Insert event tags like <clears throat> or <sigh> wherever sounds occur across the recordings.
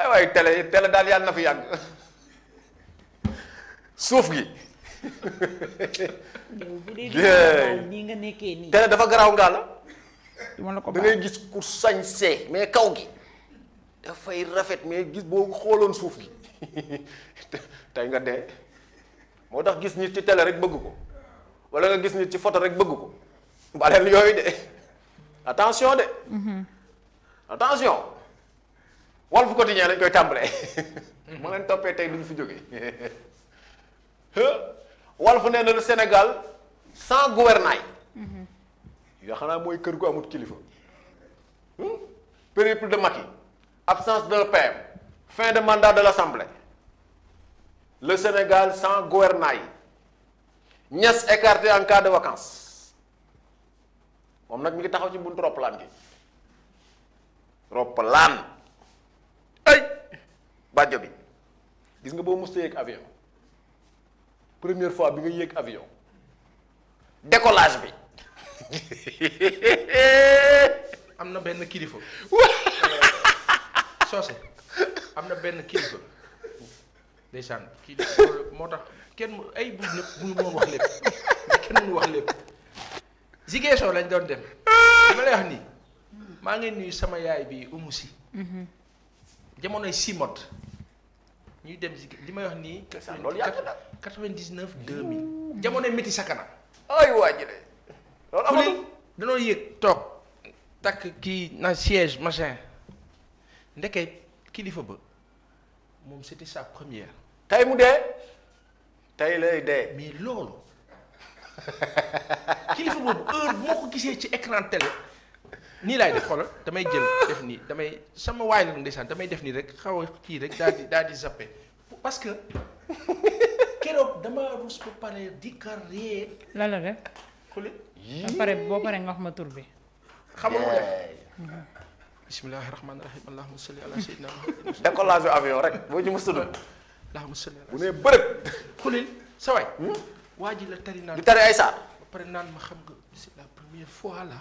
ay waay tele télé daal yàlla na fi yàgg suuf gi. <laughs> nii nga nekkee nii. dafa garaaw ngaa la. da ngay gis ku sañsee mais kaw gi dafay rafet mais gis boo xooloon suuf gi <laughs> tey nga dee moo tax gis nit ci télé rek bëgg ko wala nga gis nit ci photo rek bëgg ko baleen yooyu de attention de mhm. attention wal Walf Quotidien lañ koy tàmbalee <laughs> ma leen toppee tey duñ fi jógee <laughs> fu nee na Sénégal sans gouvernail mm-hmm. yoo xanaa mooy kër gu amut kilifa périple de Macky absence d'un PM fin de mandat de l'Assemblée le Sénégal sans gouvernail Niass écarté en cas de vacances moom nag mi ngi taxaw ci buntu roppalaan gi roppalaan ay bàjjo bi gis nga boo mos a yéeg avion première fois bi nga yéeg avion décollage bi am na benn kilifa <laughs> soose am na benn kilifa ndeysaan kii moo tax kenn ay bu ñëpp bu ñu moom wax lépp kenn mënu wax lépp Ziguinchor lañ doon dem li ma lay wax nii maa ngi nuyu sama yaay bi umu si jamonoy Simot ñuy dem si li may wax nii. loolu yàgg na 99 2000. jamonoy métti sakana. ay waa loolu amatul danoo yëg toog takk kii na siège machin ndeke kilifa ba moom c'était sa première. tey mu dee. tey lay dee. mais loolu <laughs> kilifa boobu heure bu ma ko gisee ci écran télé. nii laay def xoolal damay jël def nii damay sama waay la ndeysaan damay def nii rek xaw a kii rek daal di daal di zappe parce que <laughs> keroog damaa rus ba pare di ka ree. lan la def. xuli. ba pare boo paree nga wax ma tur bi. xamul ko def. bismillahi rahmaani rahim allahumma salli ala sayyidina muhammad. décollage avion rek boo ñu mës a dund. allahumma salli ala bu nee bërëb. xulil sa waay. Hmm? waa ji la tari naan di tari ay saar. ba pare naan ma xam nga c'est la première fois là.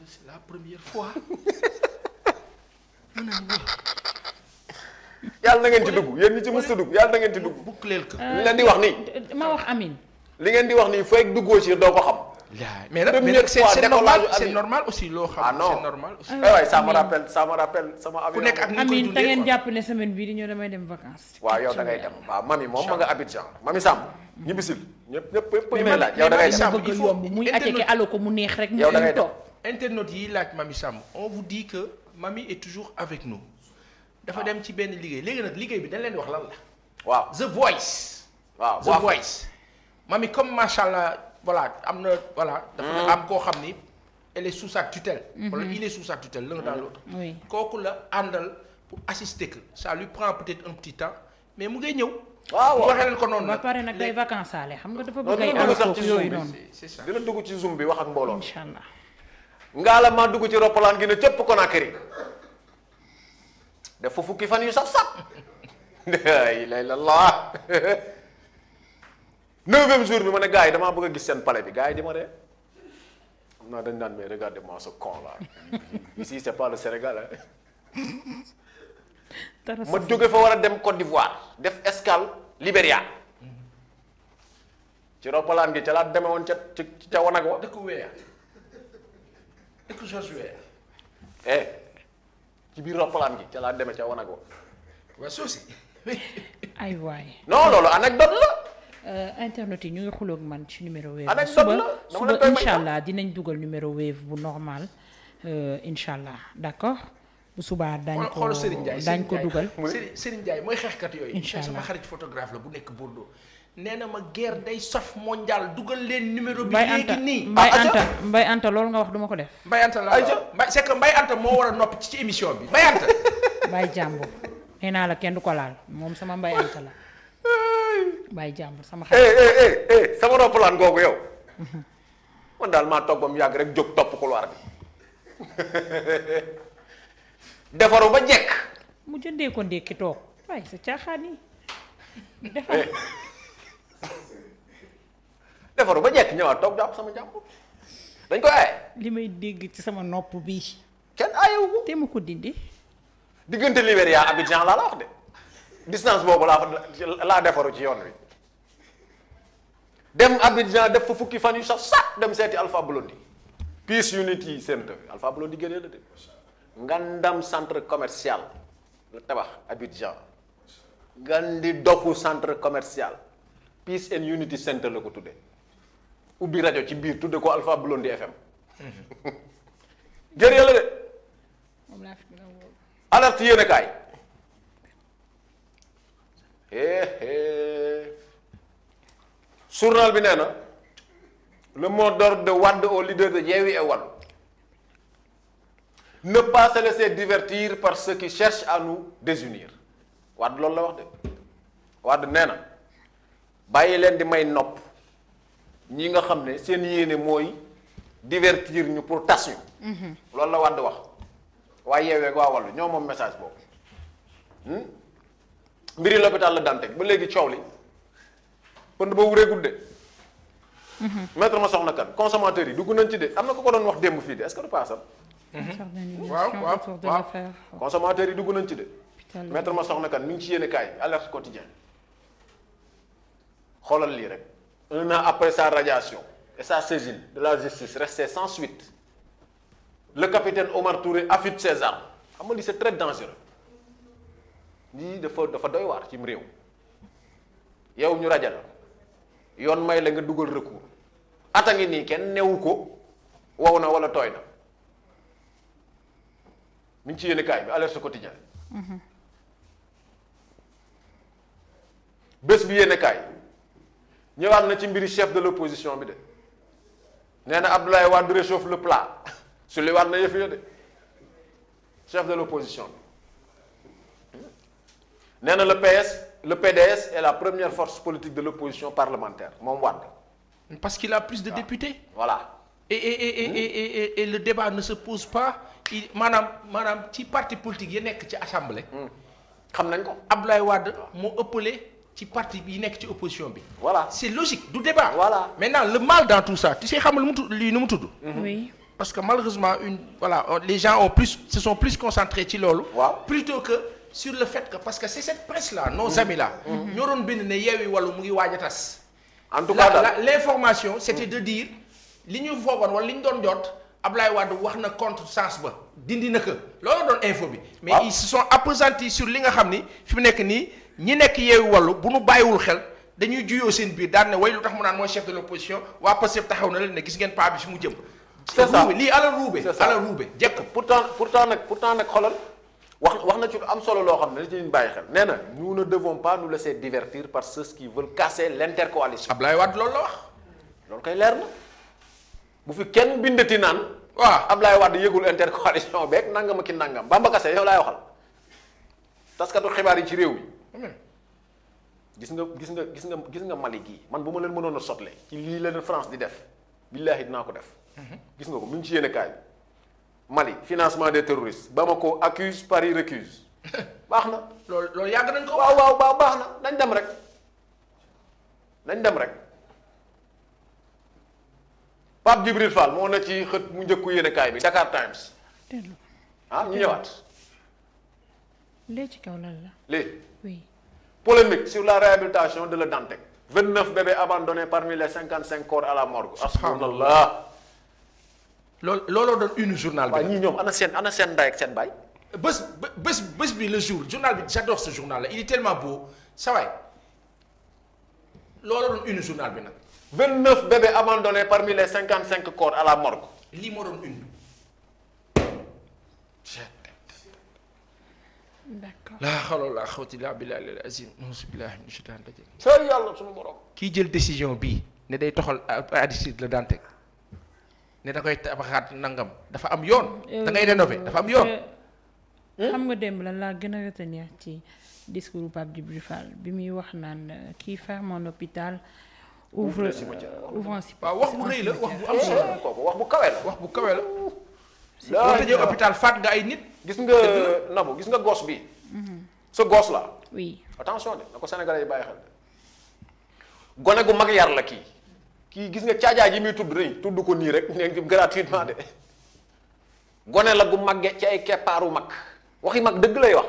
mais c'est la première fois. ma <laughs> ne yàlla na ngeen ci dugg yéen ñi ci mës a dugg yàlla na ngeen ci dugg. li leen di wax nii. ma wax amin. li ngeen di wax nii euh, fekk duggoo ci doo ko xam. mais nag mais nag c'est aussi loo xam. ah non c'est normal aussi. Eh aywa ça me sama. avion ku nekk ak ni koy ngeen jàpp ne semaine bii di ñëw damay dem vacances. waaw yow da ngay dem waaw mami moom ma nga Abidjan mami Samb. ñibbisil ñëpp ñëpp ñëpp may laaj yow da ngay dem. yow da ngay dem yow da ngay dem yow da ngay dem internautes yi laaj Mamy Samb on vous dit que Mamy est toujours avec nous. dafa dem ci benn liggéey léegi nag liggéey bi dañ leen wax lan la. waaw The Voice. waaw The Voice. Mamy comme macha allah voilà am na voilà. dafa mm. am koo xam ni. elle est sous sa tutelle. Mm-hmm. wala il est sous sa tutelle l'un dans l'autre. kooku la àndal pour assister que ça lui prend peut un petit temps mais mu ngay ñëw. waaw waxee leen ko noonu nag ba pare nag xam nga dafa bëgg ay. dina dugg ci zoom bi wax ak mbooloo. incha allah. ngaala maa dugg ci roppalaan gi ne cëpp Conakry def fa fukki fan yu saf-saf laa <laughs> ilaaha illallaah <laughs> neuvième jour bi ma ne gars yi damaa bëgg a gis seen palais bi gars yi di ma ree am naa dañ naan mais regardez-moi ce con là <laughs> ici c'est pas le Sénégal ma jóge fa war a dem Côte d'Ivoire def escale Libéria mm-hmm. ci roppalaan gi ca laa deme woon ca ca wanag dëkk weer et que Josué. eh ci biir roppalaan gi ca laa demee ca wanago. waa soosi. ay waay. non loolu anecdote la. Euh, internet yi ñu ngi xuloog man ci numéro wave. anecdote la suba suba incha allah dinañ dugal numéro wave bu normal euh, incha allah d' accord. bu subaa daañu ko daañu ko dugal. Serigne Serigne Ndiaye mooy xeexkat yooyu. incha allah sama xarit photographe la bu nekk Bordeaux. nee na ma guerre day sof mondial dugal leen numéro bi. léegi nii Mbaye ah, Anta Mbaye Anta loolu nga wax duma ko def. Mbaye Anta la Mbaye c'est que Mbaye Anta moo ci émission bi Mbaye Anta. <laughs> Mbaye jàmbur nee naa la kenn du ko laal moom sama Mbaye Anta la <laughs> Mbaye jàmbur sama. Eh, xarit eh, eh, sama topp couloir <laughs> defaru ba jekk. mu jëndee ko ndékki toog waaye sa caaxaan yi defar. defaru ba jekk ñëwaat toog jàpp sama jàpp dañ ko aaye. li may dégg ci sama nopp bi kenn aayewu ko. te ma ko dindi. diggante Libéria Abidjan laa la wax de distance boobu laa fa laa defaru ci yoon wi dem Abidjan def fa fukki fan yu sax sax dem seeti Alpha Blondy Peace Unity Center Alpha Blondy génnee la de ngandam centre commercial la tabax Abidjan. ngandi doku centre commercial. Peace and Unity Center la ko tudde ubbi rajo ci biir tudde ko Alpha Blondy FM gër yàlla de alerte yéen eh, eh. a bi nee na le mot d'ordre de Wade au leader de Yewwi et Wallu ne pas se laisser divertir par ceux qui cherchent désunir Wade loolu la wax de Wade nee bàyyi leen di may nopp ñi nga xam ne seen yéene mooy divertir ñu pour tas ñu. Mhm. loolu la Wàdd wax waaye yeewee waa wàllu ñoo moom message boobu hmm? mbiri l'hôpital la Dantec ba léegi coow li pënd boobu réegul de. maître ma soxna kan consommateur yi dugg nañ ci de am na ko ko doon wax démb fii de est-ce que du paasam. Mhm. waaw waaw waaw yi dugg nañ ci de. maître ma soxna kan mi ngi ci yéene kaay alerte quotidien xoolal lii rek un an après sa radiation et sa saisine de la justice restait sans suite le capitaine Omar Touré affûte ses armes xam nga lii c'est très dangereux lii dafa dafa doy waar cim réew yow ñu raja yoon may la nga dugal recours a ngi nii kenn newu ko wow na wala tooy na mi ngi ci yéene kaay bi alerte quotidien mhm. bés bi yéene kaay ñëwaat na ci mbiri chef de l'opposition bi de nee na Abdoulaye Wade réchauffe le plat <laughs> su li waat na yëf ya de chef de l'opposition bi nee na le PS le PDS est la première force politique de l'opposition parlementaire moom Wade parce qu'il a plus de ah. voilà et et et, et et et le débat ne se pose pas il maanaam maanaam ci parti politique yi nekk ci assemblée. Hmm. xam nañ ko Abdoulaye Wade ah. moo ëppale ci parti yi nekk ci opposition bi. voilà c'est logique du débat. voilà maintenant le mal dans tout ça tu sais xam lu mu tudd lii nu mu tudd. Mhm. parce que malheureusement une voilà les gens ont plus se sont plus concentrés ci loolu. plutôt que sur le fait que parce que c'est cette presse là nos mhm. amis là. Mhm. ñoo doon bind ne Yewwi Wallu mu ngi waaj a tas. en tout la l'information c'était de dire li ñu foogoon wala li ñu doon jot. Ablaye Wade wax na contre sens ba dindi na ko loolu doon info bi. mais ils li nga xam ni fi mu nekk nii. ñi nekk yeewu wàllu bu nu bàyyiwul xel dañuy juyoo seen biir daan ne way lu tax mu naan mooy chef de l'opposition waa Pastef taxaw na leen ne gis ngeen paa bi fi mu jëm. c'est ça lii alal ruube alal jekk pourtant pourtant nag pourtant nag xolal wax na ci lu am solo loo xam ne dañu bàyyi xel nee na nous ne devons pas nous laisser divertir par ceux qui veulent casser l'intercoalition. Abdoulaye Wade loolu la wax. loolu kay leer na bu fi kenn bindati naan. waaw Abdoulaye Wade yëgul intercoalition nangam ak ki nangam Bamba Kassé yow laay waxal taskatu xibaar yi ci réew mi. Hmm. gis nga gis nga gis nga gis nga Mali gii man bu ma leen mënoon a sotle ci lii leen France di def billaahi dinaa ko def. Hmm. gis nga ko mu ngi ci yéene kaay Mali financement des terroristes Bamako accuse Paris récuse <laughs> baax na. loolu loolu yàgg nañ ko. waaw waaw baax na nañ dem rek nañ dem rek Pape Djibril Fall moo na ci xët mu njëkku yéene kaay bi Dakar Times. ah ñu ñëwaat. lee ci kaw lan la. lee. oui. polémique sur la réhabilitation de la Dantec. 29 bébés abandonnés parmi les 55 corps à la morgue. asalaamaaleykum. loolu looloo doon une journal bi. waaw ñii ñoom ana seen ana seen ndey ak seen baay. bés bés bés bi le jour journal bi j'adore ce journal là il est tellement beau ça va looloo doon une journal bi nag. 29 bébés abandonnés parmi les 55 corps à la morgue. lii moo une. laa xawla laa xawti laa billahi al azim auzu billahi min shaytaan rajim sey yàlla suñu borom kii jël décision bi ne day toxal addisid la daan teg ne da koy tabaxaat nangam dafa am yoon eh, da ngay rénové dafa am yoon eh, hmm? xam nga démb la laa gën a retenir ci discours Pape Djibril Fall bi muy wax naan euh, kii ferme un hôpital ouvre ouvre un cimetière euh, wax bu rëy la wax bu am solo eh, wax bu kawe la wax bu kawe la boo tëjee hôpital faat nga ay nit. gis nga nabu gis nga gos bi sa gos la. oui attention de na ko Sénégalais yi bàyyi xel. gone gu mag yar la kii. kii gis nga caajaa ji muy tudd rëy tudd ko nii rek nee gratuitement de. gone la gu magge ci ay keppaaru mag waxi mag dëgg lay wax.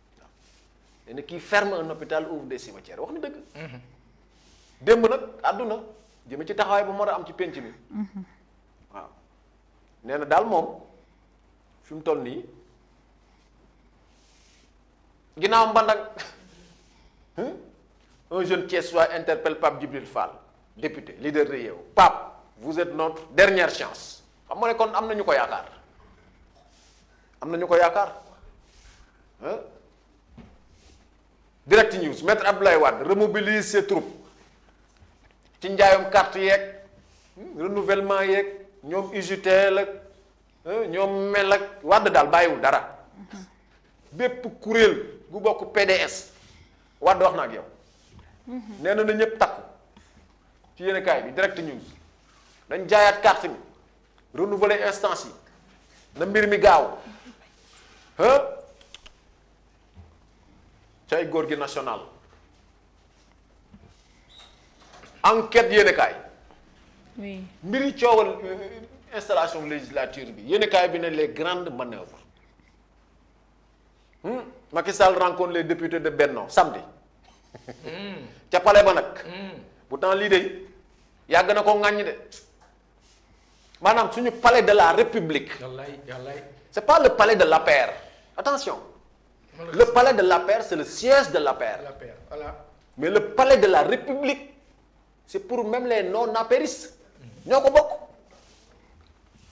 <coughs> nee na kii ferme un hôpital ouvre des cimetières wax ni dëgg. Mm-hmm. démb nag àdduna jëme ci taxawaay bu ma a am ci penc mi. Mm-hmm. nee na daal moom fi mu toll nii ginnaawam ba nag <laughs> un jeune Thiessois interpelle Pape Djibril Fall député leader de Yewwi Pape vous êtes notre dernière chance xam nga ne kon am na ñu ko yaakaar am na ñu ko yaakaar direct news maître Abdoulaye Wade remobilise ses troupes ci njaayum carte yeeg hmm, renouvellement yeeg. ñoom UGTEL ak eh, ñoom mel ak wàdd daal bàyyiwul dara bépp kuréel gu bokk PDS wàdd wax na ak yow. nee na na ñëpp takku ci yéen kaay bi direct news dañ jaayaat carte mi renouveler instance yi na mbir mi gaaw ah cay góor gi national enquête yéen oui mbiri coowal euh, installation législature bi yéen kaay bi ne les grandes manœuvres hmm? Macky Sall rencontre les députés de Benno samedi. Hmm. ca palais ba nag. Hmm. pourtant lii de yàgg na ko ŋàññ de maanaam suñu palais de la république. yàllaay yàllaay. c'est pas le palais de l'APR attention. le palais de l'APR c'est le siège de l'APR. l'APR voilà. mais le palais de la république c'est pour même les non-apéristes. ñoo ko bokk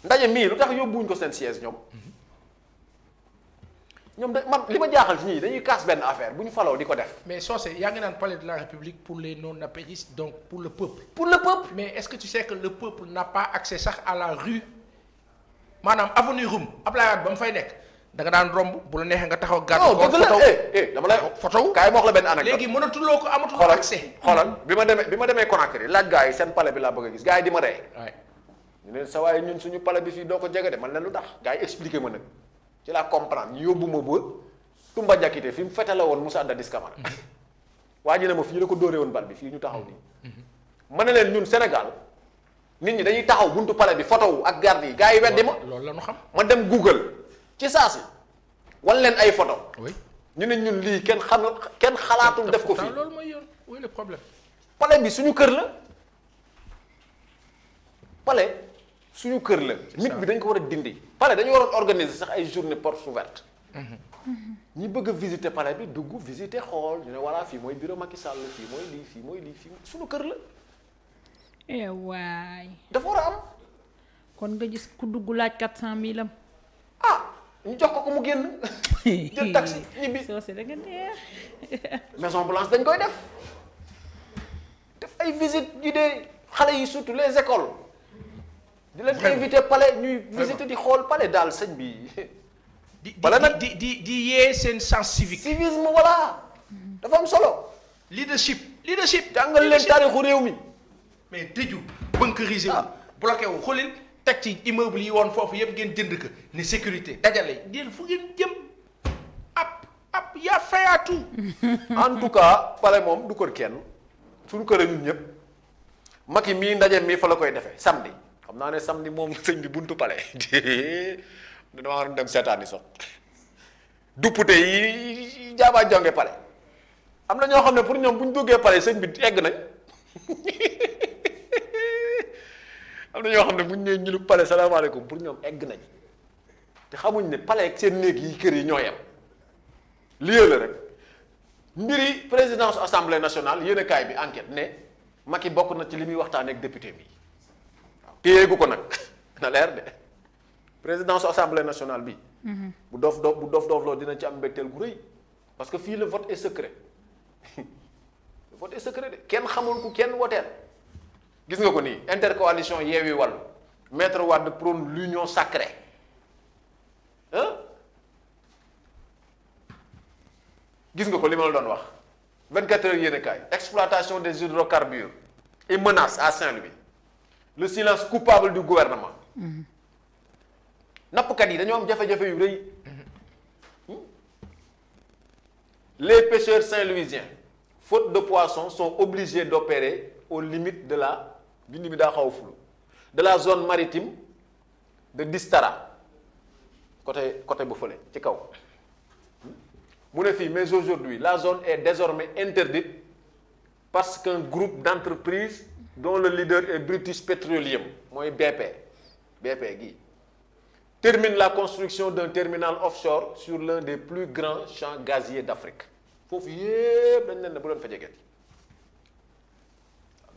ndaje mii lu tax yóbbuwuñ ko seen siège ñoom ñoom da man li ma jaaxal ci ñii dañuy kaas benn affaire bu ñu faloo di ko def. mais Socé yaa ngi naan palais de la République pour les non-apéristes donc pour le peuple. pour le peuple mais est-ce que tu sais que le peuple n'a pas accès sax à la rue maanaam avenue Roume Abdoulaye Wade ba mu fay nekk. da nga daan romb bu la neexee nga taxaw gàddu. non oh, dëgg la eh, eh dama lay fotow kaay ma wax la benn anecdote léegi mënatuloo ko amatul accès. xoolal bi ma demee bi ma demee Conakry laaj gars yi seen palais bi laa bëgg a gis gars yi di ma rey. ne sa waaye ñun suñu palais bi fii doo ko jege de man lu tax gars yi expliqué ma nag ci laa comprendre yóbbu ma ba Toumba Diakité fi mu fete la woon Moussa Dadis Camara. Mm-hmm. waa ji ne ma fii la ko dóoree woon bal bi fii ñu taxaw nii. Mm-hmm. ma ne leen ñun senegal nit ñi dañuy taxaw buntu palais bi fotow ak garde yi gaa yi weddi ma loolu la ñu xam ma dem Google ci saasi wan leen ay photo ñu ne ñun lii kenn xam kenn xalaatul def ko fii loolu mooy yoon oui problème. palais bi suñu kër la palais suñu kër la. nit bi dañ ko war a dindi. palais dañu waroon organiser sax ay journée port ouvertes. Mm-hmm. ñi bëgg a visiter palais bi dugg visiter xool ñu ne voilà fii mooy bureau Macky Sall fii mooy lii fii mooy lii fii suñu kër la. eh waay. dafa war a am. kon nga gis ku dugg laaj quatre cent mille am. ñu jox ko ko mu génn <laughs> jël taxi ñibbi <laughs> <laughs> maison blanche dañ koy def def ay visite yu de xale yi surtout les écoles di leen invité palais ñuy visiter di xool palais daal sëñ bi wala nag di di di yee seen sens civique civisme voilà dafa am solo leadership leadership jàngal leen taarixu réew mi mais tëju bunkériser wu ah. bloqué wu xoolil teg ci immeuble yi woon foofu yëpp ngeen jënd ko ne sécurité dajale ngeen fu ngeen jëm ab ab yaa fayaatu en tout cas pale moom du kër kenn suñu kër a ñun ñëpp Macky mii ndaje mii fa la koy defee samedi xam naa ne samedi moom sëñ bi buntu pale dama waroon dem seetaan yi sox duppute yi jaabaa jonge pale am na ñoo xam ne pour ñoom bu ñu duggee pale sëñ bi egg nañ <laughs> am na ñoo xam ne mu ñu nee njilu pale salaamaaleykum pour ñoom egg nañ te xamuñ ne pale ak seen néeg yi kër yi ñoo yem lieu la rek mbiri présidence assemblée nationale yéen kaay bi enquête ne yi bokk na ci li muy waxtaanee ak bi waaw ko nag <laughs> na leer de présidence assemblée nationale bi. Mhm. bu dof dof bu dof dof loo dina ci am mbégteel gu rëy parce que fii le vote est secret <laughs> vote est secret de kenn xamul ku kenn woteel. gis nga ko nii intercoalition Yewwi Wallu maître Wade prône l'union sacrée ah gis nga ko li ma la doon wax 24 heures yéen a exploitation des hydrocarbures et menace à Saint-Louis le silence coupable du gouvernement nappkat yi dañoo am jafe-jafe yu rëy hmm? les pêcheurs saint-louisiens faute de poissons sont obligés d'opérer aux limites de la bind bi daa xaw a fulu de la zone maritime de Distara côté côté bu fële ci kaw mu ne fii mais aujourd'hui la zone est désormais interdite parce qu'un groupe d'entreprises dont le leader est British Petroleum mooy BP BP gi termine la construction d'un terminal offshore sur l'un des plus grands champs gaziers d'Afrique foofu yépp dañ leen ne bu leen fa jegeet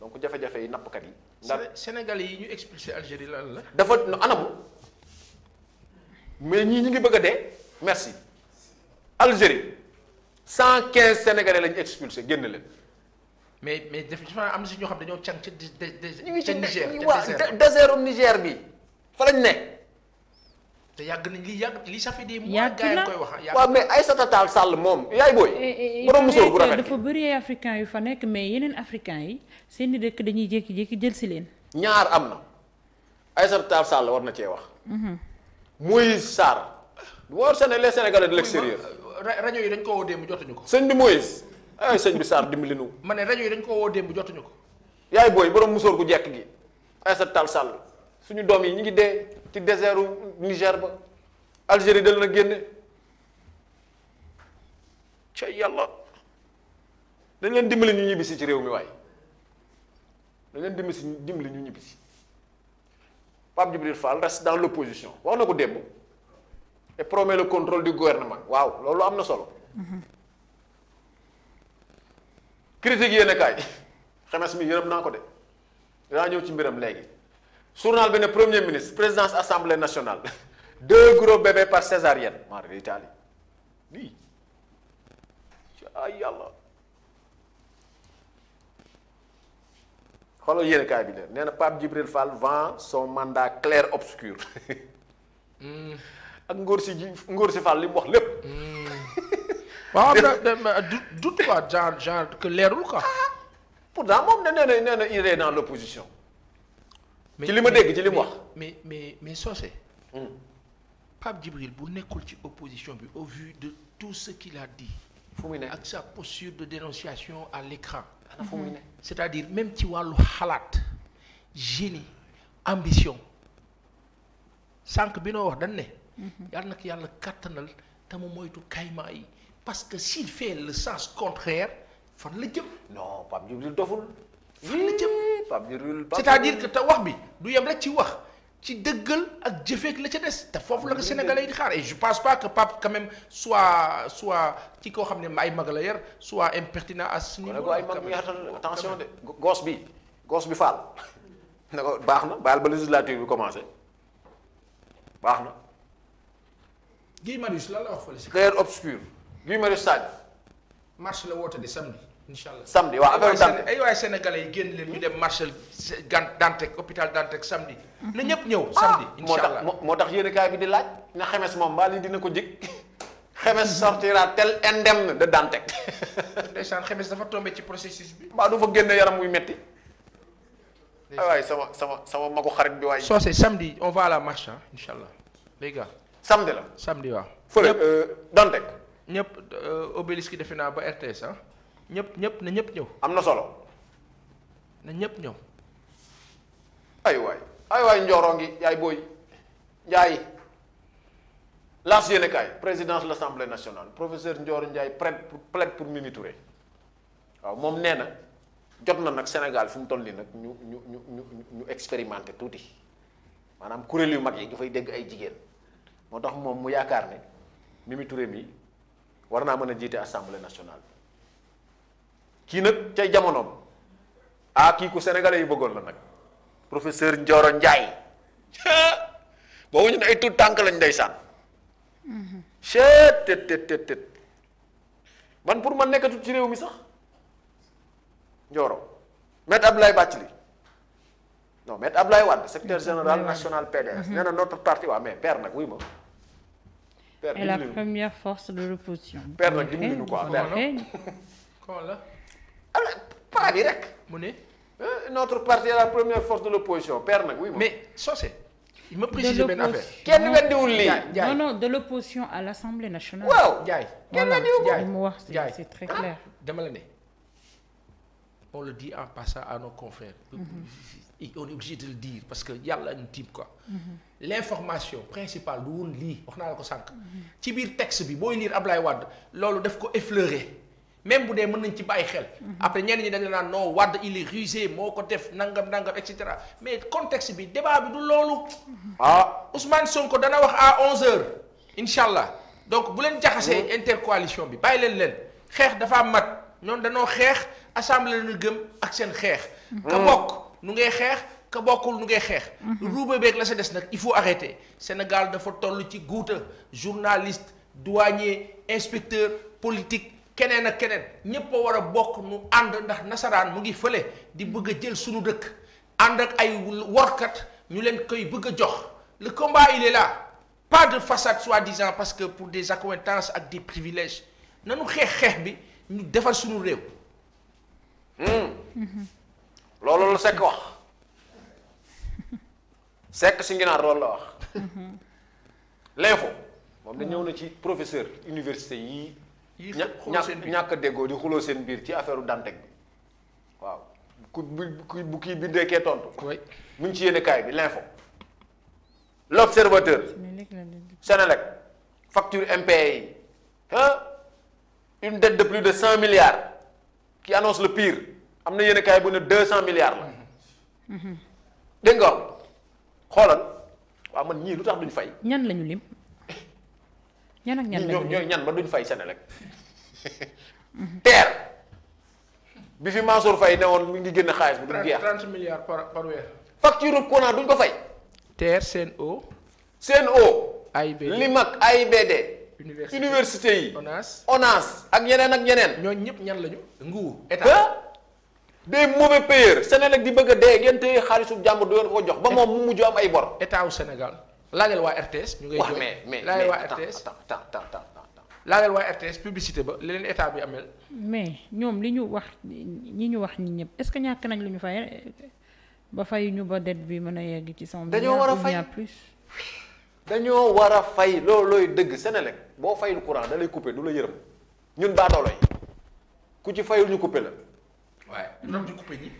donc jafe-jafe yi nappkat yi ndax Sénégalais yi ñu expulsé Algérie la la. dafa anamu mais ñii ñu ngi bëgg a dee merci Algérie cent quinze Sénégalais lañu expulsé génn leen. mais mais dafa am na si ñoo xam dañoo càng ca désert. ñu ngi ci désert désert bi fa lañ ne. te yàgg nañ li yàgg li ça fait des mois. yàgg na koy wax waaw mais Aïssata Tall Sall moom. yaay booy. Eh, eh, eh, borom musóor bu rafet dafa bëri africain mais yeneen africain yi seen i dëkk dañuy jékki-jékki jël si leen. ñaar am na Aïssata Tall Sall na cee wax. Mhm. Moïse Sarr. war Sénégal les Sénégalais de euh, rajo yi dañ ko woo jotuñu ko. sëñ bi Moïse. ay sëñ bi Sarr ma ne rajo yi dañ ko woo démb jotuñu ko. yaay booy borom musóor gu jekk gi Aïssata Tall Sall. suñu doom yi ñu ngi dee ci désert u Niger ba Algérie dal na génne ca yàlla dañ leen dimbali ñu ñibbisi ci réew mi waaye dañ leen dimbali si ñu ñibbisi Pape Djibril Fall reste dans l'opposition wax na ko démb et promet le contrôle du gouvernement waaw loolu am na solo critique yéen a kaay xemes mi yërëm naa ko de danaa ñëw ci mbiram léegi journal bi ne premier ministre présidence assemblée nationale <laughs> deux gros bébés par césarienne mar d'Italie lii ay yàlla xoolal yéen kaay bi de nee na Pape Djibril Fall vend son mandat clair obscur hmm. <laughs> ak ngóor si ji ngóor si Fall li mu wax lépp. Hmm. waaw <laughs> mais du doute quoi genre genre que leerul quoi. Ah, pourtant moom nee na dans l' ci li ma dégg ci li mu wax mais mais mais Socé hmm. Pape bu nekkul ci opposition bi au vu de tout ce qu'il a dit ne ak sa posture de dénonciation à l'écran fu muy c'est-à-dire même ci wàllu xalaat génie ambition sànq bi noo wax dañ ne mhm. yàlla nag yàlla kàttanal te mu moytu kaymaa yi parce que s'il fait le sens contraire fan la jëm non Pape Djibril doful fan la jëm Pape Djibril c'est-à-dire que te wax bi du yem rek ci wax ci dëggal ak jëfeek la ca des te foofu la ko sénégalais yi di xaar et je pense pas que Pape quand même soit soit ci koo xam ne ay mag la yar soit impertinent à ce niveau ay mag attention de goos bi goos bi faal <laughs> na baax na baal ba législature bi commencé baax na Guy Marius lan la wax fële si clair obscur Guy Marius Sagna marche la woote di samedi incha allah samedi waaw affaire Dantec ay waay sénégalais yi génn leen ñu dem marché gan Dantec hôpital Dantec samedi. na ñëpp ñëw ah, samedi. incha allah moo tax moo tax yéenekaay bi di laaj na moom mbaa dina ko jig <laughs> xemes sortira tel indemne de <laughs> ci processus bi. yaram muy metti ay waay sama sama sama bi waay. soose samedi on va à la ah incha allah les gars. samedi la samedi waaw. fële euh, Dantec. ñëpp euh, obélisque defe naa ba RTS ah. ñëpp ñëpp na ñëpp ñëw. am na solo. na ñëpp ñëw. ay waay ay waay njooroo ngi yaay booy Ndiaye laas yéene kaay présidence de l'Assemblée nationale professeur Ndioro Ndiaye prête pour plaide pour Mimi waaw moom nee na jot na nag Sénégal fi mu toll nii nag ñu ñu ñu ñu ñu expérimenté tuuti maanaam kuréel yu mag yi fay dégg ay jigéen moo tax moom mu yaakaar ne Mimi Touré mi war naa mën a jiite assemblée nationale. kii nag cay jamonoom ah kii ku sénégalais yu bëggoon la nag professeur Ndioro Ndiaye boobu ñun ay tuut tànk lañ ndeysaan chet tet tet man pour man nekkatut ci réew mi sax Ndioro maître Abdoulaye Bathily non maître Abdoulaye Wade secrétaire général national PDS nee na notre parti waaw mais père nag wuy ma père la première force de l'opposition père nag dimbali nu quoi père paa bi rek. mu ne. notre parti est la première force de l'opposition père nag oui. mais Socé. il m'a précisé benn affaire. kenn weddiwul lii. non non de l'opposition à l'Assemblée nationale. waaw jaay kenn weddiwul jaay dama la ne on le di en passant à nos confrères. on est obligé de le dire parce que yàlla une type quoi. Mm-hmm. l'information principale du woon lii wax naa la ko sànq. ci biir texte bi booy lire Ablaye Wade loolu def ko effleurer. même bu dee mën nañ ci bàyyi xel. après ñenn ñi dañ la naan non Wade il est moo ko def nangam nangam et cetera mais contexte bi débat bi du loolu. ah Ousmane ko dana wax à 11h incha allah donc bu leen jaxasee intercoalition bi bàyyi leen leen xeex dafa mat ñoom danoo xeex assemblée la ñu gëm ak seen xeex. Mm-hmm. ka bokk nu ngay xeex. ka bokkul nu ngay xeex mm-hmm. ruube beeg la sa des nag il faut arrêter Sénégal dafa toll ci guuta journaliste douanier inspecteur politique keneen ak keneen ñépp a war a bokk nu ànd ndax nasaraan mu ngi fële di bëgg a jël suñu dëkk ànd ak ay workat ñu leen koy bëgg a jox le combat il est là pas de façade soi-disant parce que pour des accointances ak des privilèges nanu xeex xeex bi ñu defal suñu réew hmm. mhm. loolu la Seck wax Seck si nginaar loolu la wax mhm. l'info moom da ñëw na ci professeur université yi yi ñàkk a déggoo di xuloo seen biir ci affaire Dantec bi waaw ku bu bu kii bindee kee tontu. mu ci yéene kaay bi l'info. l'observateur. Sénélec facture MPE yi ah une dette de plus de cent milliards ki annonce le piir am na yéene kaay bu ne deux cent milliards la. Mhm. Mhm. dégg nga xoolal waaw man ñii lu tax duñ fay. ñan lañu lim. ñan ak ñan ñooy ñan ba duñ fay Senelec mhm. TER bi fi Mansour Faye ne woon mi ngi génn xaalis bi du jeex. 30 milliards par par duñ ko fay. TER Sen'Eau. Sen'Eau. ak ñeneen ak ñeneen. ñooñu ñëpp ñan lañu. nguur état. des mauvais bëgg a dee ngeen téye xaalisu jox. ba moom mu mujj am ay bor. état wu senegal laajal waa RTS. ñu ngay koy mais mais laajal waa RTS laajal waa RTS publicité ba li leen état bi amel mais ñoom li ñu wax ñi ñu wax ñi ñëpp est-ce que ñàkk nañ lu ñu fay ba fay ñu ba dette bi mën a yegg ci sama. dañoo war a fay plus. dañoo war a fay loolooy dëgg Senelec boo fayul courant da lay coupé du la yërëm ñun baadoolo yi ku ci fayul ñu coupé la waaye. ñoom ñu coupé ñi.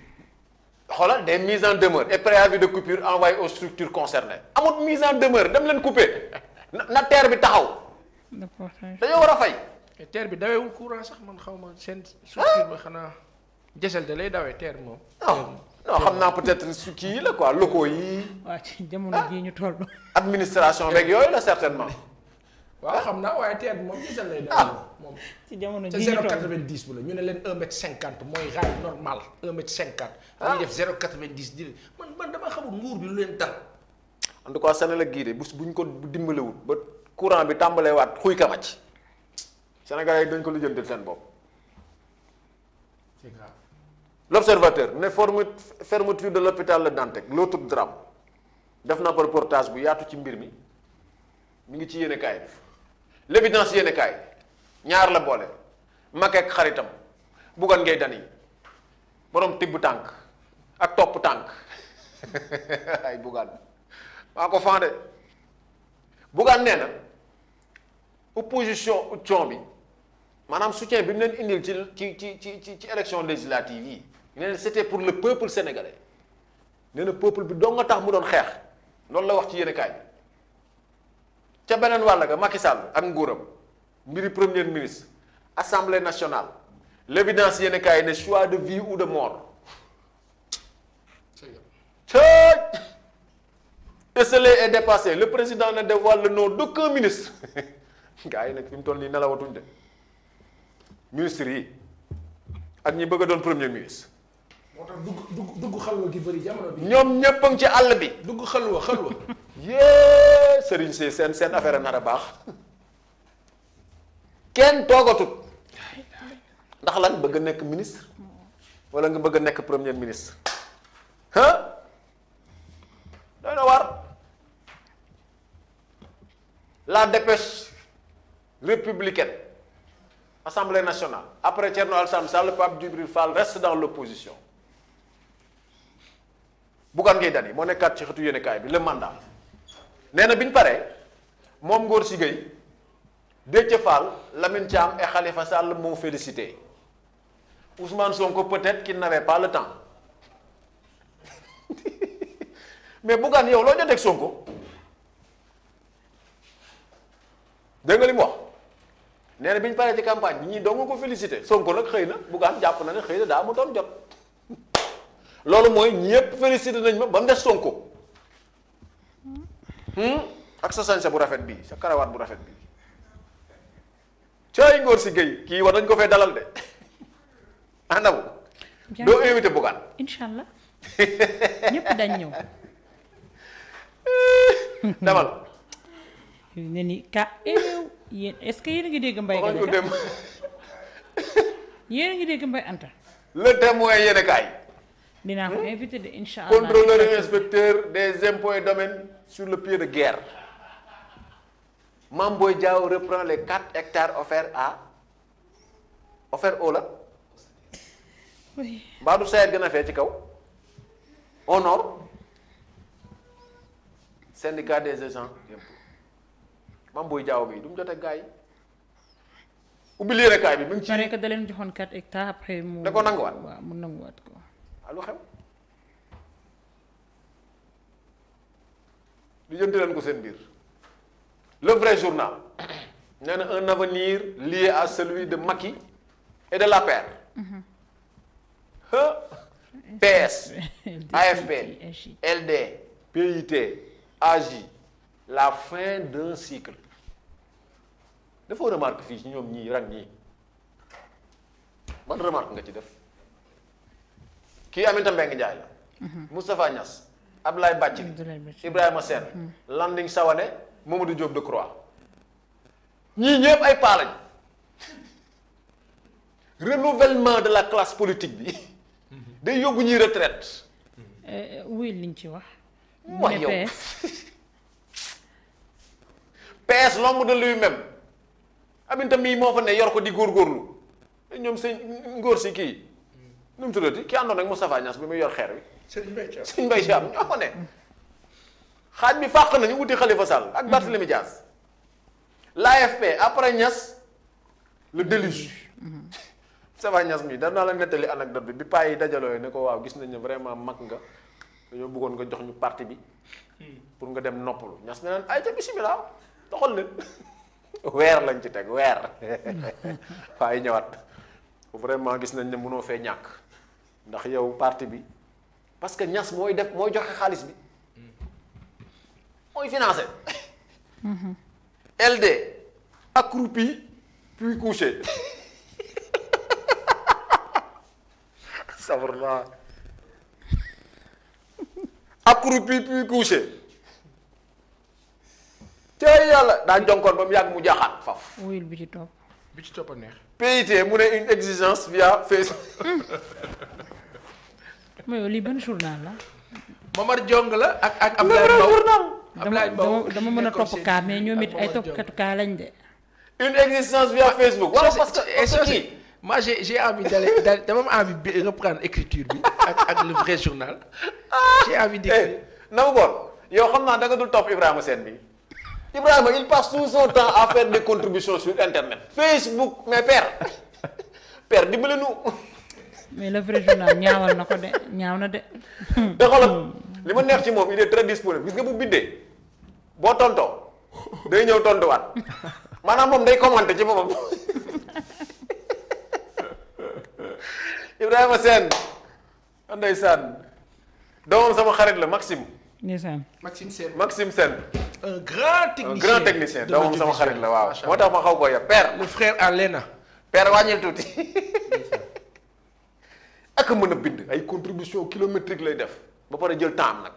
xoolal des mises en demeure et préavis de coupure envoyé aux structures concernées amut mise en demeure dem leen couper na terre bi taxaw. dañoo war a fay. terre bi dawewul courant sax man xaw ma seen. structure ba xanaa jësal da lay dawee teer moom. non xam naa peut-être su yi la quoi locaux yi. waa ci jamono ah. jii ñu toll. administration beeg yooyu la certainement. waaw xam naa waaye teel moom gisal lay def moom ci ah. <laughs> jamono jii ñu toll ca 0,90 bu la ñu ne leen 1 mètre mooy raay normal 1 mètre 50. ah ñuy def 0,90 di man man dama xamul nguur bi lu leen dal. en tout cas Sénégal gii bu buñ ko dimbalewut ba courant bi tàmbalee waat xuy kamac Sénégalais yi dañ ko lijjantil seen bopp. c'est grave. l'observateur ne forme fermeture de l'hôpital la Dantec l'autre drame def na ko bu yaatu ci mbir mi mi ngi ci yéene kaay l' évidence ñaar la boole Macky ak xaritam buggoon ngay dani borom tibb tànk ak topp tànk <laughs> ay buggaan maa ko fande buggaan nee na opposition option bi maanaam soutien bi mu leen indil ci ci ci ci ci élection législative yi nee na pour le peuple sénégalais nee na peuple bi doo nga tax mu doon xeex loolu la wax ci yéen kaay ca beneen wàll ga Macky ak nguuram mbiri premier ministre assemblée nationale l' évidence yéen ne choix de vie ou de mort. cëj esselé est dépassé le président ne dévoile le nom d'aucun ministre <laughs> gars nag fi mu toll nii nelawatuñ de ministre yi ak ñi bëgg a doon premier ministre. dugg dugg dugg xalwa gi bëri ñoom ñëpp ci àll bi. dugg xalwa xalwa <laughs> sëriñ si seen seen affaire nar a baax kenn toogatut ndax lan bëgg a nekk ministre wala nga bëgg a nekk premier ministre ah doy war la dépêche républicaine assemblée nationale après Thierno Alassane Sall Pape Djibril Fall reste dans l'opposition Bougane Gueye Dany moo nekkaat ci xëtu yéenekaay bi le mandat nee na bi ñu paree moom Ngor si Gueye Déthié Fall Lamine Thiam et Khalifa Sall moo félicité Ousmane Sonko peut-être qu'il n'avait pas le temps <laughs> mais Bougane yow loo joteeg Sonko dégg nga li mu wax nee na bi ñu paree ci campagne bi ñii doo ko félicité Sonko nag xëy na Bougane jàpp na ne xëy na daal mu doon jot <laughs> loolu mooy ñëpp félicité nañ ma ba mu des Sonko. Hmm? ak sa sañse bu rafet bii sa karawaat bu rafet bi caay ngóor si géy kii war nañ ko fee dalal de àndamu ah, doo invité bugaan incha allah ñëpp dañ ñëw <laughs> demal ne ni ka eew eh, yéen est-ce que yéen a ngi dégg mbay ga dem yéen a ngi dégg mbay anta le témoin yéen a dinaa ko hmm? invité de incha allah contrôleur inspecteur des impôts et domaines sur le pied de guerre. Mame Boye Diao reprend les 4 hectares offerts à offerts au la. oui Badou Sayer gën a fee ci kaw. au nord. syndicat des agents d'impôts Mame Boye bi du mu jotee gars yi. ubbi lii rek kaay bi mu ngi ci. da leen joxoon 4 hectares après mu. da ko nanguwaat waaw mu nanguwaat ko. lu xew li jënte leen ko seen biir le vrai journal <clears throat> nee un avenir lié à celui de Macky et de l'APR PS AFP LD PIT AJ la fin d'un cycle dafa remarque fii ci ñoom ñii rang ñii ban remarque nga ci def kii Aminata Mbengue Ndiaye la. Mhm. Moustapha Niass Abdoulaye Bathily Ibrahima Sène mhm. Landing Savané Mamadou Diop Decroix ñii ñëpp ay paa lañ renouvellement de la classe politique bi mhm. day yóbbu ñuy retraite wuy eh, liñ ci wax mooy yow PS l'ombre <laughs> de lui-même Aminata mii moo fa ne yor ko di góorgóorlu ñoom seen ngóor si kii nu mu tuddati ki àndoon ak Moustapha Niass bi muy yor xeer wi. Serigne Mbaye Thiam Serigne Mbaye Thiam ñoo ko ne. xaaj bi fàq nañu wuti Khalifa Sall. ak Barthélemy Dias. l'AFP après Niass le déluge. Moustapha Niass mii daf naa la nettali anecdote bi bi paa yi dajaloo ne ko waaw gis nañ ne vraiment mag nga dañoo bëggoon nga jox ñu parti bi. pour nga dem noppalu Niass ne leen ay ca bisimilah doxal leen. <laughs> weer lañ ci teg weer waaye <laughs> ñëwaat vraiment gis nañ ne mënoo fee ñàkk. ndax yow parti bi parce que ñas mooy def mooy joxe xaalis bi mooy financé. LD accroupi puis couché. sabarla accroupi puis couché. te yàlla daa jonkoon ba mu yàgg mu jaaxaat faf wuyul bi bi ci topp PIT mu ne une exigence via Facebook. <laughs> mais yow lii ban journal la. Momar Jong la ak ak Ablaye Mbow Ablaye Mbow dama mën a topp kaa mais ñoom it ay toppkatu kaa lañ de. une existence via Facebook. waaw parce que moi j'ai j'ai envie d'aller dama am envie bi reprendre écriture bi ak ak le vrai journal. j'ai envie eh, d'écrire. na mu yow xam naa daga nga topp Ibrahima Sène bi Ibrahima il passe tout son temps à faire des contributions sur internet. Facebook mais père père dimbali nu. mais le vrai journal ñaawal na ko de ñaaw na de. <laughs> te li ma neex ci moom il est très disponible gis nga bu biddee boo tontoo day ñëw tontuwaat maanaam moom day commenté ci boppam <laughs> Ibrahima Sène ndeysaan doomam sama xarit la Maxime. ndeysaan Maxime Sène Maxime Sène. un grand technicien un grand doomam sama xarit la waaw. moo tax ma xaw ko ya père. le frère à Lena. père wàññil tuuti. ak mën a bind ay contribution kilométrique lay def ba pare jël temps nag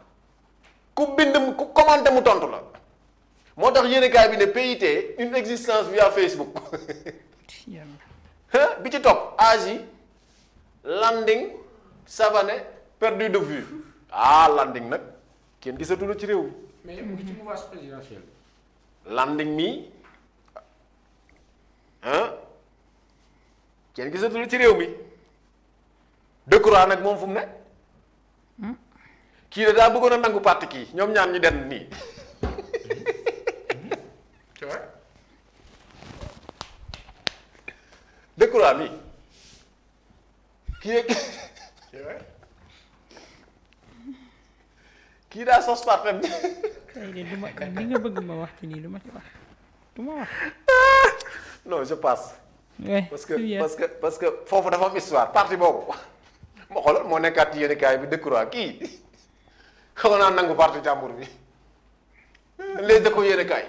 ku bind ku commenté mu tontu la moo tax yéenekaay bi ne PIT une existence via Facebook <laughs> bi ci topp Asie Landing Savané perdu de vue ah Landing nag kenn gisatu la ci réew mi. Landing mii ah kenn gisatu ci réew mi. Decroix nag moom fu mu ne. kii da daa bëggoon a nangu parti kii ñoom ñaar ñu den nii. tu vois Decroix mi kii yeeg kii daa sos partem bi. léegi du ma li nga bëgg ma wax ci nii du ci wax du wax. non je passe. parce que parce que parce que foofu dafa am histoire parti boobu. moo xoolal moo nekkaat ci yéen kaay bi Decroix kii xaw naa nangu parti jàmbur bi les Échos yéen kaay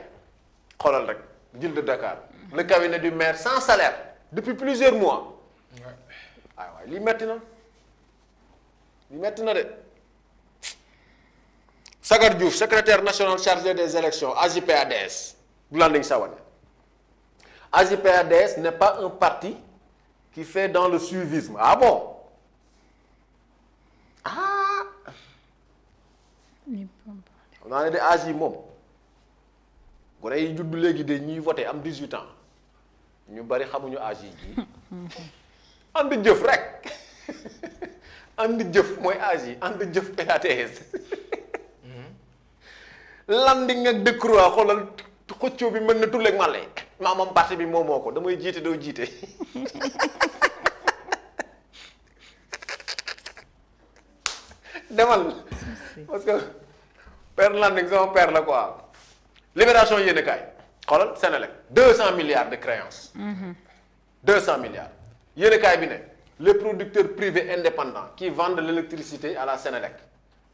xoolal rek ville de Dakar mm. le cabinet du maire sans salaire depuis plusieurs mois waaw waaye lii metti na lii metti na de Sagar Diouf secrétaire national chargé des élections AJPADS bu Landing Savané AJPADS ne pas un parti qui fait dans le suivisme ah bon xam naa ne de âge yi moom gone yi léegi de ñuy voté am 18 ans ñu bari xamuñu âge yi ji <laughs> jëf rek <laughs> ànd jëf mooy âge yi ànd jëf PATS mm-hmm. landing ak Decroix xoolal xëccoo bi mën na tulleeg màlle maa moom parti bi moom moo ko damay jiite doo jiite <laughs> demal parce que père Landing sama père la quoi libération yéen xoolal Sénélec deux cent milliards de créances mhm. deux cent milliards yéen a kaay bi ne les producteurs privés indépendants qui vendent l'électricité à la Sénélec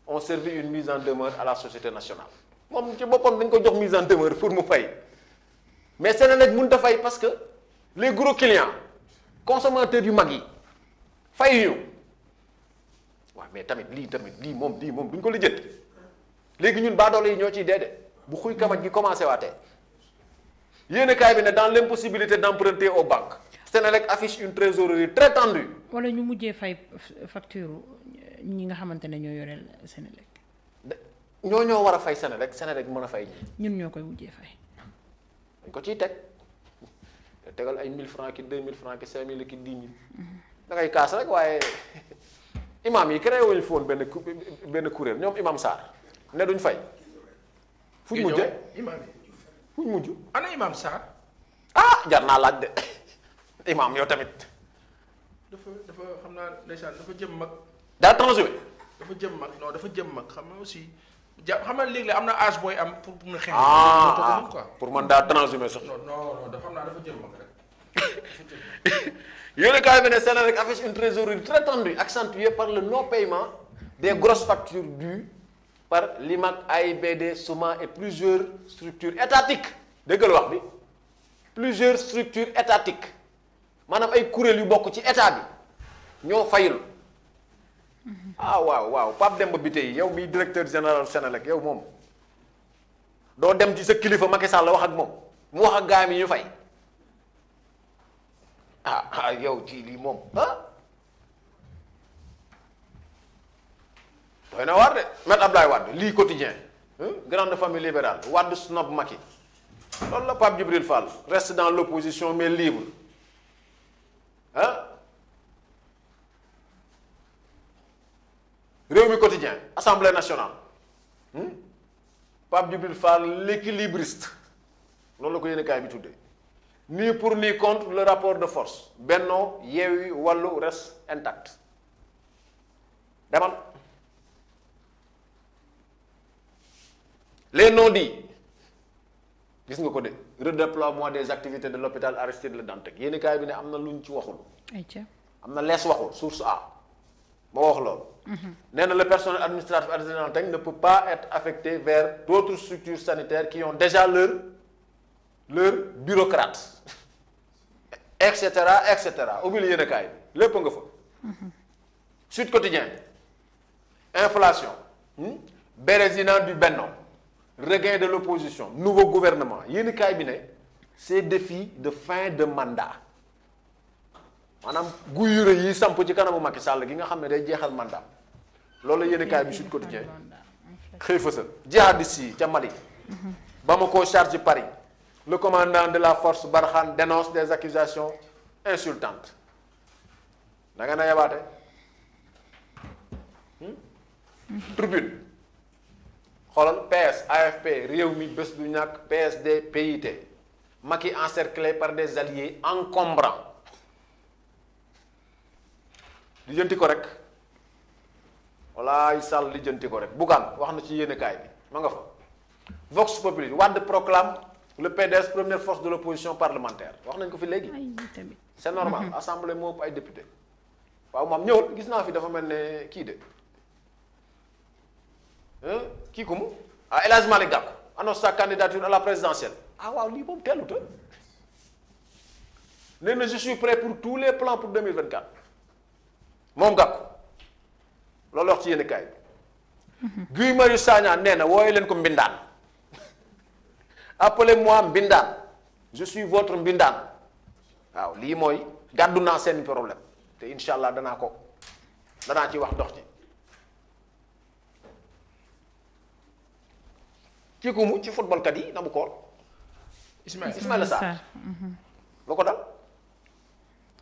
on servi une mise en demeure à la société nationale moom ci boppam dañ ko jox mise en demeure pour mu fay mais Sénélec mënut a fay parce que les gros clients consommateurs yu mag yi fay ñu waaw mais tamit lii tamit lii moom lii moom duñ ko lijjanti léegi ñun baadoolo yi ñoo ciy dee de bu xuy kamaj gi commencé waatee yéen bi ne dans l'impossibilité d'emprunter aux banques Sénélec affiche une trésorerie très tendue. wala ñu mujjee fay facture ñi nga xamante ne ñoo yoreel Sénélec. ñoo ñoo war a fay Sénélec Sénélec mën a fay. ñun ñoo koy mujjee fay. dañ ko ci teg tegal ay 1000 francs ki 2000 francs ki 5000 ki 10 000. da ngay kaas rek waaye <laughs> imaam yi créé wuñu foon benn benn kuréel ñoom imaam Sarr. ne duñ fay. fu ñu mujjee imaam yi fu ñu mujj. ana imaam Sarr. ah jar naa laaj de <laughs> imaam yow tamit. dafa dafa xam naa ndeysaan dafa jëm mag. daa transhumé. dafa jëm mag non dafa jëm mag xam nga aussi ja xam nga léegi am na âge booy am pour mun a. xeex ah, quoi ah, pour man daa transhumé sax. non non dafa xam dafa jëm mag rek. <laughs> yéen a kaay bi ne Sénégal affiche une trésorerie très tendue accentuée par la non paiement des grosses factures dues par l'IMAC, AIBD, SOMA et plusieurs structures étatiques déggal wax bi plusieurs structures étatiques maanaam ay kuréel yu bokk ci état bi ñoo fayul ah waaw waaw Pape Demba Bitèye yow mi directeur général Senelec yow moom doo dem ci sa kilifa Macky Sall la wax ak moom mu wax ak gaam yi ñu fay ah ah yow lii moom ah? doy na waar de Me Abdoulaye Wade lii quotidien grande famille libérale Wade snob Macky loolu la Pape Djibril Fall reste dans l'opposition mais libre réew mi quotidien assemblée nationale Pape Djibril Fall l'équilibriste loolu la ko yéene bi tuddee ni pour ni contre le rapport de force Benno Yewwi Wallu reste intact demal les non di gis nga ko de redéploiement des activités de l'hôpital Aristide Le Dantec yéen kaay bi ne am na lu ñu ci waxul. am na lees waxul source A moo wax loolu. Mhm. nee na le personnel administratif de Le Dantec ne peut pas être affecté vers d'autres structures sanitaires qui ont déjà leur leur bureaucrate <laughs> et cetera et cetera ubbil nga fa. Mhm. Sud Quotidien inflation. Hmm? Bérézina du Benno. regain de l'opposition nouveau gouvernement yéenekaay bi ne ces défis de fin de mandat maanaam guy yu rëy yi samp ci kanamu Macky Sall gi nga xam ne day jeexal mandat loolu yéenekaay bi Sud Quotidien xëy fësal jihadistes yi ca Mali mm-hmm. ko charge Paris le commandant de la force Barkhane dénonce des accusations insultantes da nga na yabaate hmm? mm-hmm. tribune xoolal PS AFP réew mi bés du ñàkk PSD PIT Macky encerclé par des alliés encombrants li jënti ko rek walaay Sall li jënti ko rek Bougane wax na ci yéenekaay bi ma nga fa Vox Populi Wade proclame le PDS première force de l'opposition parlementaire wax nañ ko fi léegi c'est normal <laughs> assemblée moo ëpp ay député waaw moom ñëwul gis naa fi dafa mel ne kii de kii ko mu ah El Hadj Malick Gakou candidature à la présidentielle ah waaw lii moom teelut a nee na je pour tous les plans pour 2024 moom Gakou loolu wax ci yéen kaay mhm. Guy Marius Sagna nee na wooye leen ko mbindaan appelez mois mbindaan je suis mbindaan waaw lii mooy gàddu naa seen problème te incha allah danaa ko danaa ci wax dox ci ci ko mu ci football kat yi nabu koor Ismaïla Ismaïla Sarr loo ko dal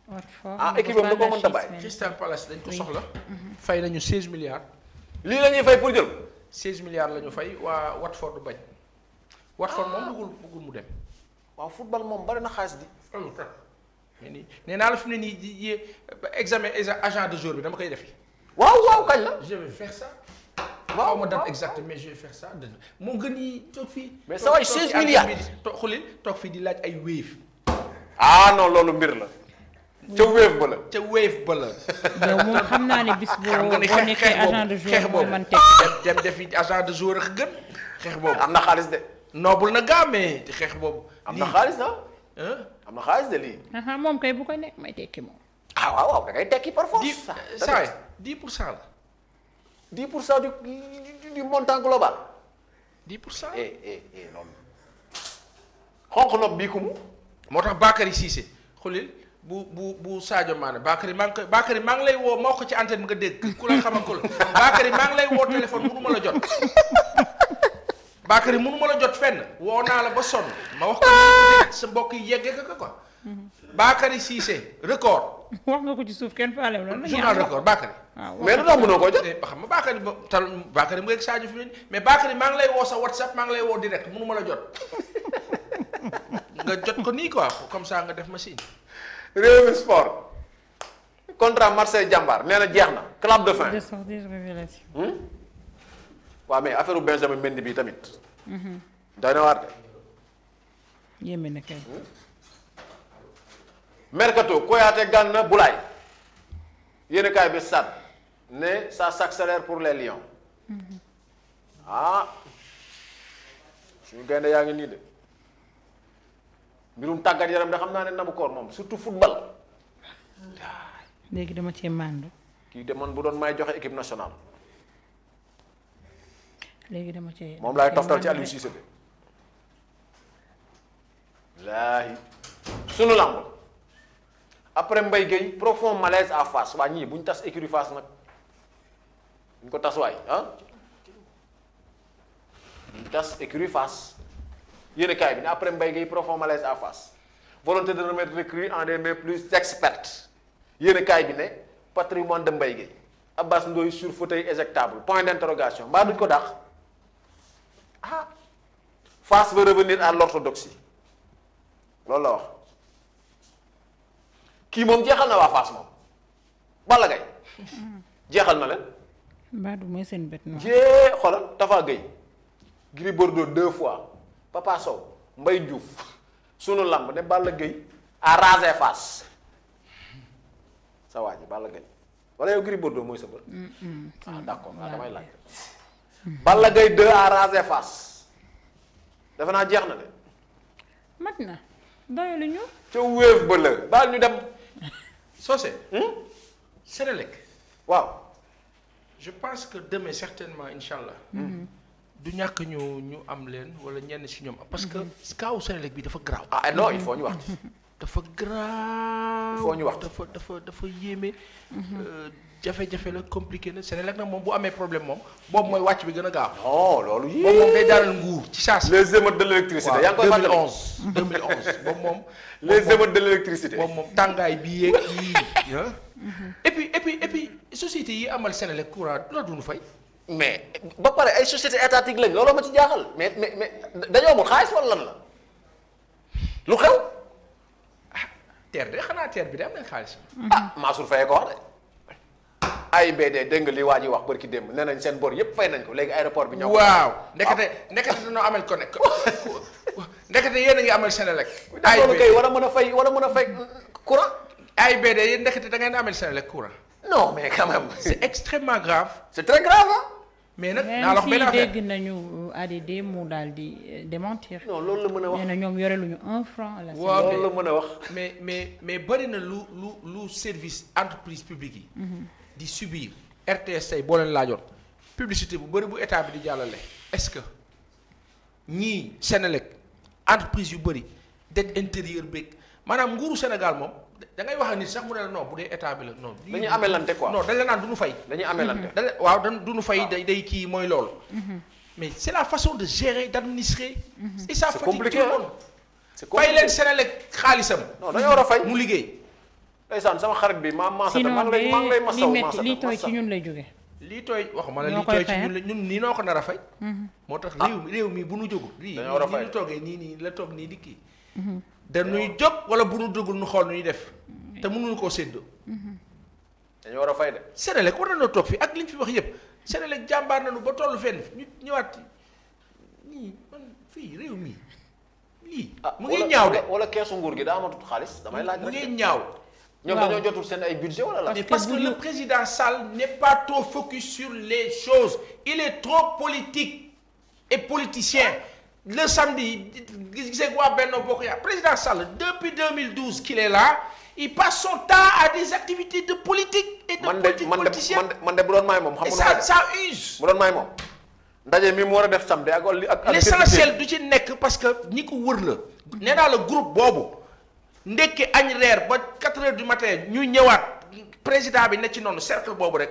mm-hmm. ah équipe am da ko mënta bàyyi Crystal Palace dañ ko soxla mm-hmm. fay nañu 16 milliards lii la fay pour jël 16 milliards la fay waa Watford bañ Watford moom ah. bëggul bëggul mu dem waaw football moom bari na xaalis di nee naa la fi ne nii di examen agent de jour bi dama koy def waaw waaw kañ la waaw ma date exacte mais je vais faire ça dëgg moo gën yi toog fii. mais saa waay 16 milliards toog xulil toog fii di laaj ay wave. ah non loolu mbir la. ca wave ba la ca wave ba la. yow moom xam naa ne bis boo boo nekkee agent de joueur boo mën teg dem defi agent de joueur ak gën. xeex boobu am na xaalis de. noobul na gaa mais xeex boobu. am na xaalis ah. am na xaalis de lii. moom kay bu ko nekk may tekki moom. ah waaw waaw da ngay tekki par force. dix saa yi dix pour cent la. 10 pour cent du du montant global. 10 pour cent eh eh eh noonu. xonq nopp bii ku mu. moo tax Bakary Cissé xulil bu bu bu Sadio Mané Bakary maa ngi koy Bakary maa ngi lay woo ma wax ko ci antenne bi nga dégg ku la xamal ko la Bakary maa ngi lay woo téléphone mënu ma la jot. Bakary mënu la jot fenn woo naa la ba sonn ma wax ko sa mbokk yi yeggee ko ko quoi. Mm-hmm. Bakary record. <laughs> wax nga ko ci suuf kenn faale wu la. journal record Bakary. Ah, mais lu tax mënoo ko jot. ba xam nga Bakary ba tal Bakary mu ngi ak Sadio fi mais Bakary maa ngi lay woo sa WhatsApp maa ngi lay woo direct mënu ma la jot <laughs> nga jot ko nii quoi comme ça nga def machine. réew mi sport contrat Marseille Jambar nee na jeex na club de fin. de sortie révélation. Hmm? waaw mais affaire Benjamin Mendy bi tamit. Mhm. doy na waar de. yéeme na kay. Hmm? mercato Koyaté Gana Boulaye yéenekaay bi Stades ne ça s'accélère pour les Lions mm-hmm. ah suñu gaynde yaa ngi nii tàggat yaram da xam naa ne nabu koor moom surtout football. léegi dama cee màndu. kii de bu doon may joxe équipe nationale. léegi dama cee moom laay toftal ci Aliou Cissé bi. après mbay Gueye profond malaise à Fass waa ñii bu ñu tas écurie Fass nag ñu ko tas waay ah ñu tas écurie Fass yéen kaay bi ne après Mbaye Gueye profond malaise à Fass volonté de remettre le CREI en des mains plus expertes yéen bi ne patrimoine de Mbaye Gueye Abbas Ndoye sur fauteuil éjectable point d'interrogation mbaa duñ ko dàq ah Fass va revenir à l'orthodoxie loolu la wax. kii moom jeexal na waa Fass moom Balla Gaye jeexal na leen. Mbadou mooy seen bët noonu. jee xoolal Tafa Gueye. Gris Bordeaux deux fois Papa Sow Mbaye Diouf sunu lamb ne Balla Gaye a rasé Fass sa waa ji Balla Gaye wala yow Gris Bordeaux mooy sa bët. Mm, mm. ah d'accord ah damay laaj. Balla Gaye deux a rasé Fass defe naa jeex na de. mat na doyaluñu. ca wéef ba la ñu dem. Socé. Hmm? Sénélec. waaw. je pense que demain certainement incha allah. Hmm. du ñàkk ñu ñu am leen wala ñenn si ñoom parce que kaawu hmm. Sénélec bi dafa grave. ah non il faut ñu wax. <laughs> dafa grave. il ñu wax dafa dafa dafa yéeme. Euh, jafe-jafe la compliqué na Senelec nag moom bu amee problème moom boobu mooy wàcc bi gën a gaaw. non oh, loolu yii boobu moom day daaneel nguur ci charge. les émeutes de l' électricité. yaa ngi koy fàttali 2011 2011 boobu moom. <laughs> les émeutes de l' électricité boobu moom tàngaay bi yeeg <laughs> yii. et puis et puis et puis société yi amal Senelec courant la duñu fay. mais ba pare ay société étatique lañ looloo ma ci jaaxal mais mais mais dañoo amul xaalis wala lan la lu xew. ah TER de xanaa TER bi de am nañ xaalis. ah Mansour Faye ko wax de. AIBD dégg nga li waa ji wax bërki démb nee nañ seen bor yëpp fay nañ ko léegi aéroport bi. ñoo ko waaw ndekete ndekete dañoo amal ko <laughs> ndekete yéen a ngi amal Senelec. AIBD kay a mën a fay war a mën a fay courant. ndekete da ngeen amal Senelec courant. non mais quand même. <laughs> c' est extrêmement grave. c' est très grave ah. mais nag naa la wax benn dégg nañu euh, ADD mu daal di euh, démentir. non loolu la mën a wax nee na la waaw loolu a wax. mais mais mais bëri na lu lu lu service entreprise publique yi. Mhm. di subir RTS tey boo leen laajoon publicité bu bëri bu état bi di jàllale est-ce que ñii Sénélec entreprise yu bëri dette intérieur beeg maanaam nguuru Sénégal moom da ngay wax ak nit sax mu ne la non bu dee état bi la non. dañuy amelante quoi non dañ naan du fay. dañuy amelante dañ waaw dañ fay day day kii mooy loolu. Mhm. mais c'est la façon de gérer d'administrer. c'est mhm. compliqué et ça fatigue tout fay leen Sénélec xaalisam. non dañoo war a fay mu liggéey. ndeysaan sama xarit bi ma ma sa maa ngi lay maa ngi lay masaw ma sa lii tooy ci ñun lay jóge lii tooy waxuma la lii tooy ci ñun la ñun nii noo ko a fay mhm. moo tax la toog nii dikki mhm. dañuy jóg wala bu nu jógul nu xool nuy mhm. te mënuñu koo séddoo dañu war a fay de Sénélec war fi ak liñ fi wax yëpp Sénélec jàmbaar ba tollu fenn ñu ñëwaat nii réew mi lii ah, mu ngi ñaaw de wala keesu nguur gi daa amatul xaalis mu ngi ñaaw ñoom dañoo jotul seen ay budget wala la. parce que le président Sall n'est pas trop focus sur les choses il est trop politique et politicien le samedi gisee waa Benno Bokk Yaakaar président Sall depuis 2012 qu'il est là il passe son temps à des activités de politique. et de politique politicienne man de man de man de bu doon maay moom. xam nga ça ça use. bu doon maay moom ndaje mi mu war a def samedi ak. ak l'essentiel du ci nekk parce que ni ko wër la. ne naa la groupe boobu. ndekki añ reer ba 4 heures du matin ñu ñëwaat président bi ne ci noonu cercle boobu rek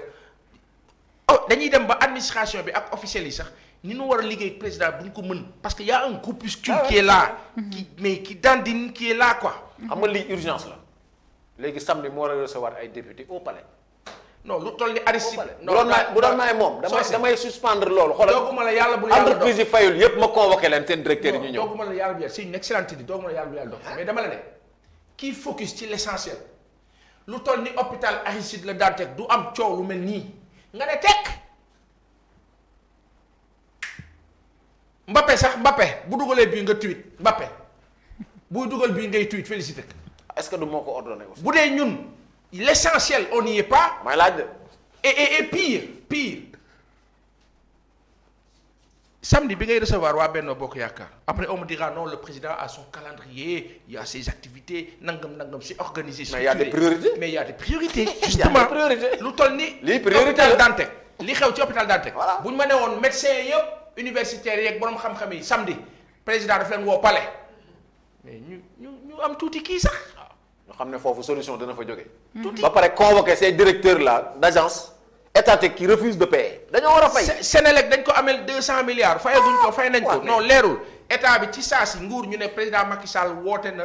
oh dañuy dem ba administration bi ak officiels yi sax ni ñu war a liggéey président duñ ko mën parce que y a un groupuscule ah qui est là ah qui mais qui dandine qui est là xam nga lii urgence la léegi samedi moo war a recevoir ay député au palais non lu toll ni Aristide bu doon maay bu doon maay moom damay damay suspendre loolu xoolal dooguma la yàlla bu yàlla dox entreprise yi fayul yëpp ma la yàlla bu yàlla c'est kii focus ci l'essentiel lu toll ni hôpital Aristide Le Dantec du am coow lu mel nii nga ne tekk Mbappé sax mbappe bu dugalee bii nga tweet Mbappé buy dugal bii ngay tweet félicité est-ce que du moo ko ordonné bu dee ñun l'essentiel on n'y est pas. may laaj de et et samedi bi ngay recevoir waa Benno Bokk Yaakaar après on me dira non le président a son calendrier il a ses activités nangam nangam c'est organisé. mais y a des priorités mais <laughs> y a des justement lu toll ni. lii priorité hôpital li xew ci hôpital Dantec. bu ñu ma nee woon médecin yëpp universitaires yeeg borom xam-xam yi samedi président daf leen woo palais mais ñu ñu ñu am tuuti kii sax. waaw xam ne foofu solution dana fa jógee. tuuti ba pare convoqué ces directeurs étatique qui refuse de payer. dañoo war a fay Sénélec dañ ko amel deux cent milliards ah, fayaguñ ko fay nañ ko non leerul état bi ci saa si nguur ñu ne président Macky Sall woote na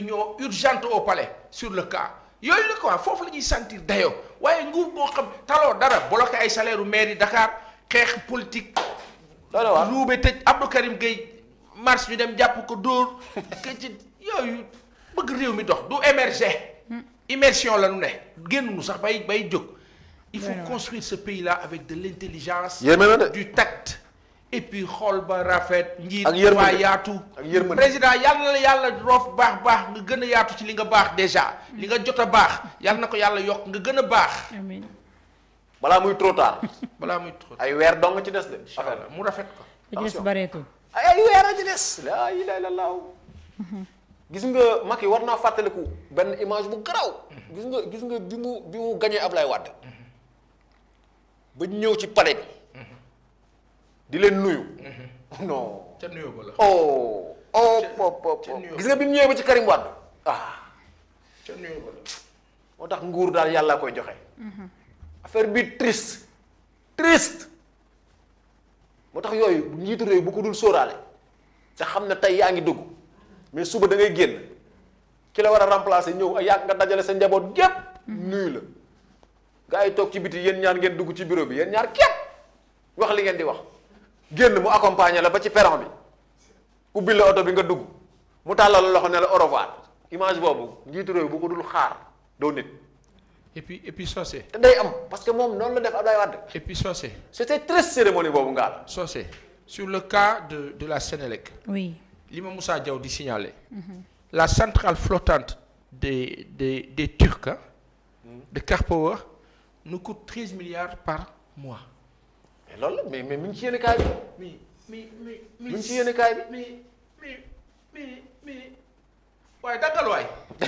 ñoo urgente au palais sur le cas yooyu la quoi foofu la ñuy sentir dayoo waaye nguur boo xam taloo dara bloqué ay salaire u maire yi Dakar xeex politique. loolu ruube tëj Abdou Karim Gueye mars ñu dem jàpp ko dóor ci yooyu bëgg réew mi dox du émerger hmm. immersion lañu ne génn nu sax bay bay jóg. il faut construire ce pays-là avec de l'intelligence du tact et puis xool ba rafet njiit waa yaatu président yàlla la yàlla roof baax baax nga gën yaatu ci li nga baax déjà li nga jot a baax yàlla na ko yàlla yokk nga gën a baax balaa muy trop tard <laughs> balaa muy trop ay weer nga ci des de affaire mu rafet ko li des bareetul ay weer a ci des laa ilaaha illallaah gis nga Macky war naa fàttaliku benn image bu garaaw mm-hmm. gis nga gis nga bi mu bi mu gañee Ablaye Wade mm-hmm. ba ñëw ci palais bi mhm. di leen nuyu. Mhm. Oh, non ca oh oh pop gis nga bi mu ñëwee ba ci Karim Wade ah. moo tax nguur daal yàlla koy joxe. Mhm. affaire bi triste triste. moo tax yooyu njiitu réew bu ko dul sóoraale te xam ne tey yaa ngi dugg mais suba da ngay génn ki la war a remplacer ñëw ak yaa nga dajale sa njaboot gépp nuyu la. gars yi toog ci biti yéen ñaar ngeen dugg ci bureau bi yéen ñaar képp wax li ngeen di wax génn mu accompagner la ba ci perron bi ubbi la oto bi nga dugg mu tàllal loxo ne la au image boobu njiitu réew bu ko dul xaar doo nit. et puis et puis te day am parce que moom noonu la def Abdoulaye Wade. et puis Socé. c'était très cérémonie boobu ngaa la. Socé sur le cas de de la Sénélec. oui li ma Moussa Diaw di signaler. la centrale flottante des des des Turcs mm-hmm. nous coûte treize milliards par mois. mais loolu mais mais mi ngi ci yéen kaay bi. mais mais mais. mi ngi mais mais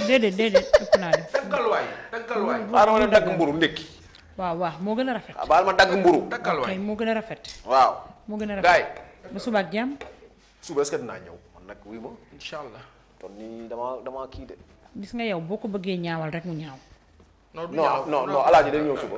mais mais. naa def. daggal waay daggal waay. ma dagg mburu ndékki. waaw waaw moo gën a rafet. Ah, baal ma dagg mburu. daggal waay moo gën a rafet. waaw. moo gën a rafet gaay. suba ak jàmm. suba est dinaa ñëw man nag wuy ma. incha allah. kon nii damaa damaa kii de. gis nga yow boo ko bëggee ñaawal rek mu ñaaw. non non non alaaji day ñëw suba.